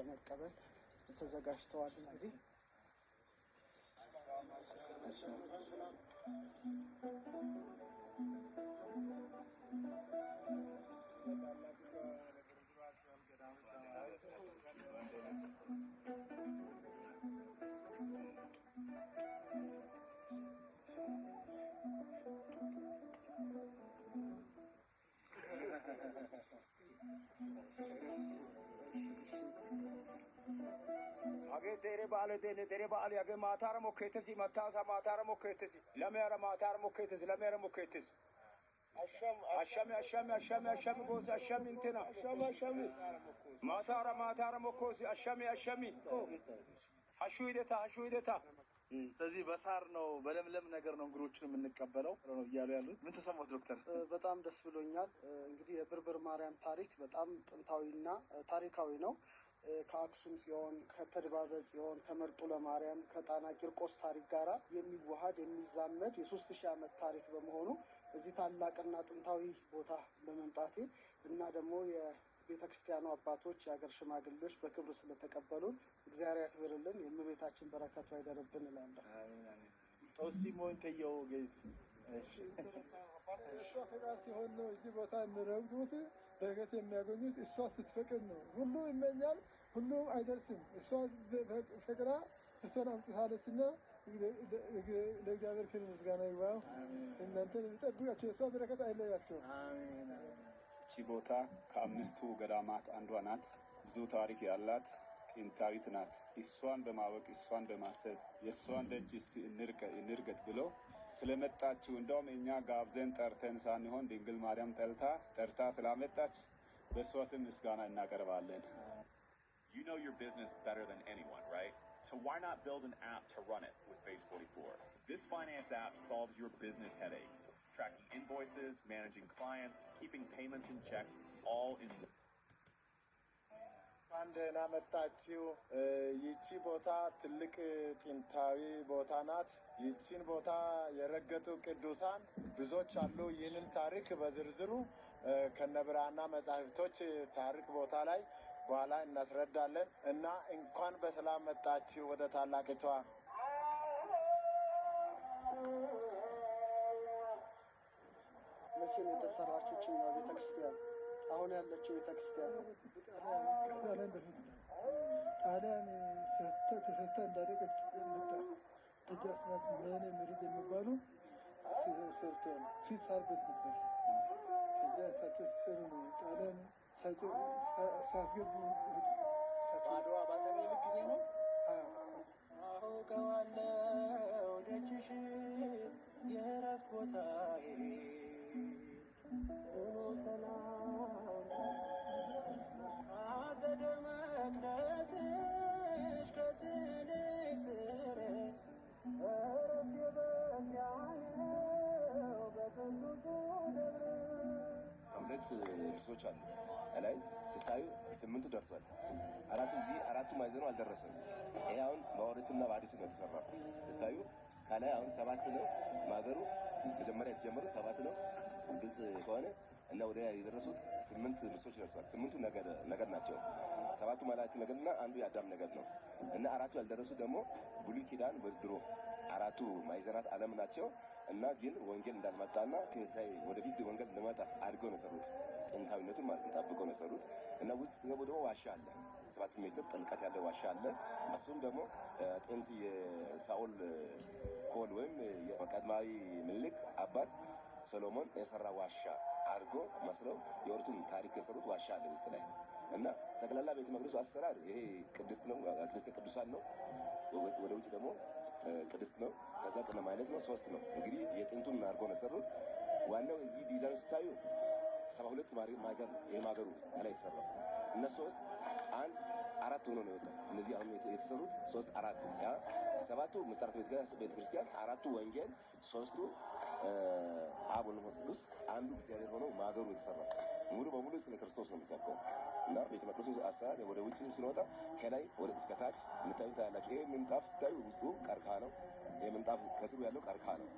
በመቀበል ተዘጋጅተዋል። እንግዲህ ቴሬ በዓል ቴነ ቴሬ በዓል ያገ ማታረ ሞኬትስ መታሳ ማታረ ሞኬትስ ለሚያረ ማታረ ሞኬትስ ለሚያረ ሞኬትስ አሻሚ አሻሚ አሻሚ አሻሚ ጎሲ አሻሚ እንትና አሻሚ አሻሚ ማታረ ማታረ ሞኮሲ አሻሚ አሻሚ አሹ ሂደታ አሹ ሂደታ ስለዚህ በሳር ነው በለምለም ነገር ነው እንግዶችን የምንቀበለው ነው እያሉ ያሉት። ምን ተሰማት ዶክተር? በጣም ደስ ብሎኛል። እንግዲህ የብርብር ማርያም ታሪክ በጣም ጥንታዊና ታሪካዊ ነው። ከአክሱም ጽዮን፣ ከተድባበ ጽዮን፣ ከመርጡ ለማርያም፣ ከጣና ቂርቆስ ታሪክ ጋራ የሚዋሃድ የሚዛመድ የሶስት ሺህ ዓመት ታሪክ በመሆኑ እዚህ ታላቅና ጥንታዊ ቦታ በመምጣቴ እና ደግሞ የቤተ ክርስቲያኑ አባቶች የሀገር ሽማግሌዎች በክብር ስለተቀበሉን እግዚአብሔር ያክብርልን፣ የእመቤታችን በረከቱ ይደርብን እላለሁ። ጦሲሞን ከየው እሷ ፈቃድ ሲሆን ነው እዚህ ቦታ የሚረግጡት በረከት የሚያገኙት። እሷ ስትፈቅድ ነው። ሁሉ ይመኛል፣ ሁሉም አይደርስም። እሷ ፈቅዳ እሷን አምጥታለች እና ለእግዚአብሔር ክብር ምስጋና ይግባ። እናንተ የሚጠብቃቸው የእሷ በረከት አይለያቸው። እቺ ቦታ ከአምስቱ ገዳማት አንዷ ናት። ብዙ ታሪክ ያላት ጥንታዊት ናት። እሷን በማወቅ እሷን በማሰብ የእሷን ደጅ እስቲ እንርገጥ ብሎ እንደውም እኛ ጋብዘን ጠርተን ሳንሆን ድንግል ማርያም ጠልታ ጠርታ ስላመጣች በእሷ ስም ምስጋና እናቀርባለን። You know your business better than anyone, right? So why not build an app to run it with Base 44? This finance app solves your business headaches, tracking invoices, managing clients, keeping payments in check, all in እንኳን ደህና መጣችው። ይቺ ቦታ ትልቅ ጥንታዊ ቦታ ናት። ይቺን ቦታ የረገጡ ቅዱሳን ብዙዎች አሉ። ይህንን ታሪክ በዝርዝሩ ከነብራና መጻሕፍቶች ታሪክ ቦታ ላይ በኋላ እናስረዳለን እና እንኳን በሰላም መጣችው ወደ ታላቂቷ መቼም ቤተክርስቲያን አሁን ያለችው ቤተክርስቲያን ጣሊያን በፊት ጣሊያን እንዳደቀች መጣ ምሪድ የሚባሉ ሰርቶ ፊት ነበር። ከዚያ እሳቸው ሲሰሩ ነው ጣሊያን ሳስገቡ ጊዜ ነው። የእረፍት ሁለት ልብሶች አሉ። ከላይ ስታዩ ስምንቱ ደርሷል። አራቱ እዚህ አራቱ ማዕዘኑ አልደረሰም። ይሄ አሁን በኦሪትና በአዲሱ ነው የተሰራ። ስታዩ ከላይ አሁን ሰባት ነው ማገሩ መጀመሪያ የተጀመሩ ሰባት ነው ግልጽ ከሆነ እና ወደ የደረሱት ስምንት ልብሶች ደርሷል። ስምንቱ ነገድ ናቸው። ሰባቱ መላእክት ነገር አንዱ የአዳም ነገር ነው እና አራቱ ያልደረሱ ደግሞ ብሉይ ኪዳን ወድሮ አራቱ ማዕዘናት ዓለም ናቸው እና ግን ወንጌል እንዳልመጣና ትንሳኤ ወደፊት ወንጌል እንደመጣ አድርገው ነው የሰሩት። ጥንታዊነቱን ማለት ጠብቀው ነው የሰሩት እና ውስጥ ስትገቡ ደግሞ ዋሻ አለ። ሰባት ሜትር ጥልቀት ያለው ዋሻ አለ። እሱም ደግሞ ጥንት የሳኦል ኮል ወይም የቀድማዊ ምልክ አባት ሰሎሞን የሰራ ዋሻ አድርጎ መስለው የወርቱን ታሪክ የሰሩት ዋሻ አለ ውስጥ ላይ እና ጠቅላላ ቤተ መቅደሱ አሰራር ይሄ ቅድስት ነው፣ ቅድስተ ቅዱሳን ነው። ወደ ውጭ ደግሞ ቅድስት ነው። ከዛ ቅነ ማለት ነው ሶስት ነው። እንግዲህ የጥንቱን አድርጎ ነው ሰሩት። ዋናው እዚህ ዲዛይኑ ስታዩ ሰባ ሁለት ማገር ማገሩ ላይ ይሰራው እና ሶስት አንድ አራት ሆኖ ነው የወጣው። እነዚህ አሁን የተሰሩት ሶስት አራት ያ ሰባቱ ምስጢራተ ቤተ ክርስቲያን፣ አራቱ ወንጌል፣ ሶስቱ አቡነ ወልድ ቅዱስ፣ አንዱ እግዚአብሔር ሆኖ ማገሩ የተሰራው ሙሉ በሙሉ ስለ ክርስቶስ ነው የሚሰብከው። እና ቤተ መቅደሱን አሰራር ወደ ውጭ ስንወጣ ከላይ ወደ እስከ ታች የምታዩት ታያላችሁ። ይሄ ምንጣፍ ስታዩ ውስጡ ቀርካ ነው። ይሄ ምንጣፍ ከስሩ ያለው ቀርካ ነው።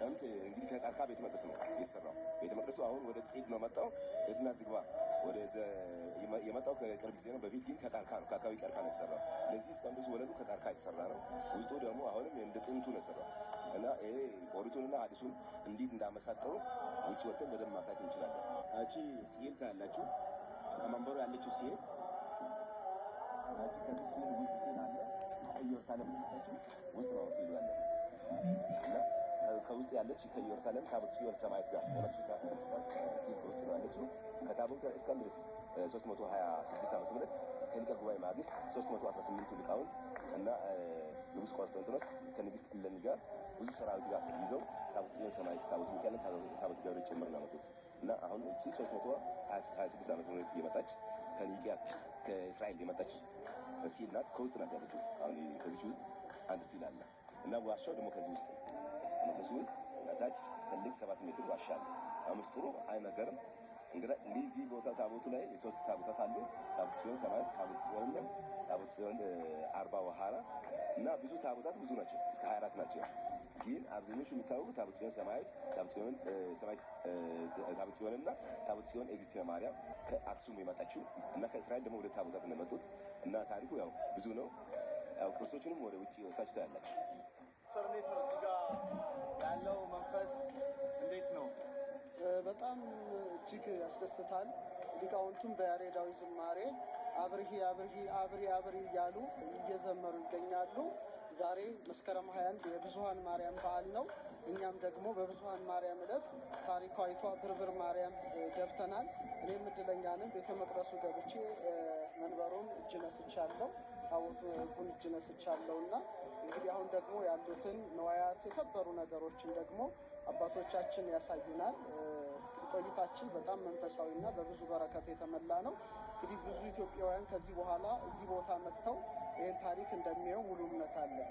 ጥንት እንግዲህ ከቀርካ ቤተ መቅደስ ነው የተሰራው። ቤተ መቅደሱ አሁን ወደ ጽድ ነው መጣው። ጽድና ዝግባ ወደ የመጣው ከቅርብ ጊዜ ነው። በፊት ግን ከቀርካ ነው፣ ከአካባቢ ቀርካ ነው የተሰራው። ለዚህ እስከ ንዱስ ወለሉ ከቀርከሃ የተሰራ ነው። ውስጡ ደግሞ አሁንም እንደ ጥንቱ ነው የተሰራው እና ይሄ ኦሪቱንና ሐዲሱን እንዴት እንዳመሳቀሩ ውጭ ወጥተን በደንብ ማሳየት እንችላለን። አቺ ስዕል ታያላችሁ መንበሩ ያለችው ሲሄድ ከውስጥ ያለች ከኢየሩሳሌም ጽዮን ሰማያት ጋር 326 ዓመተ ምህረት ከሊቀ ጉባኤ ማግስት 318 ሊቃውንት እና ቆስጠንጢኖስ ጋር ብዙ ሰራዊት ጋር ይዘው ታቦተ ጽዮን ሰማያት ታቦተ ሚካኤልን ታቦተ ገብርኤል ጭምር ነው እና አሁን እቺ 326 ዓመት ነው የመጣች ከኒቂያ ከእስራኤል የመጣች ሲል ናት። ከውስጥ ናት ያለችው። አሁን ከዚች ውስጥ አንድ ሲል አለ እና ዋሻው ደግሞ ከዚህ ውስጥ ነው። ከዚህ ውስጥ ታች ትልቅ ሰባት ሜትር ዋሻ አለ። ምስጢሩ አይነገርም። እንግዲህ ሊዚ ቦታ ታቦቱ ላይ የሶስት ታቦታት አሉ። ታቦት ሲሆን ሰማያት፣ ታቦት ሲሆን ታቦት ሲሆን አርባ ወሃራ እና ብዙ ታቦታት ብዙ ናቸው፣ እስከ ሀያ አራት ናቸው። ግን አብዛኞቹ የሚታወቁ ታቦት ሲሆን ሰማያት፣ ታቦት ሲሆን ሰማያት፣ ታቦት ሲሆን እና ታቦት ሲሆን ኤግዚስቴ ማርያም ከአክሱም የመጣችው እና ከእስራኤል ደግሞ ወደ ታቦታት እንደመጡት እና ታሪኩ ያው ብዙ ነው። ያው ክርስቶቹንም ወደ ውጭ ወታች ታያላችሁ። በጣም እጅግ ያስደስታል። ሊቃውንቱም በያሬዳዊ ዝማሬ አብርሂ አብርሂ አብሪ አብሪ እያሉ እየዘመሩ ይገኛሉ። ዛሬ መስከረም 21 የብዙሀን ማርያም በዓል ነው። እኛም ደግሞ በብዙሀን ማርያም ዕለት ታሪካዊቷ ብርብር ማርያም ገብተናል። እኔም እድለኛ ነኝ። ቤተ መቅደሱ ገብቼ መንበሩን እጅ ነስቻለሁ፣ ታቦቱን እጅ ነስቻለሁ እና እንግዲህ አሁን ደግሞ ያሉትን ንዋያት የከበሩ ነገሮችን ደግሞ አባቶቻችን ያሳዩናል። ቆይታችን በጣም መንፈሳዊና በብዙ በረከት የተሞላ ነው። እንግዲህ ብዙ ኢትዮጵያውያን ከዚህ በኋላ እዚህ ቦታ መጥተው ይህን ታሪክ እንደሚያየው ሙሉ እምነት አለን።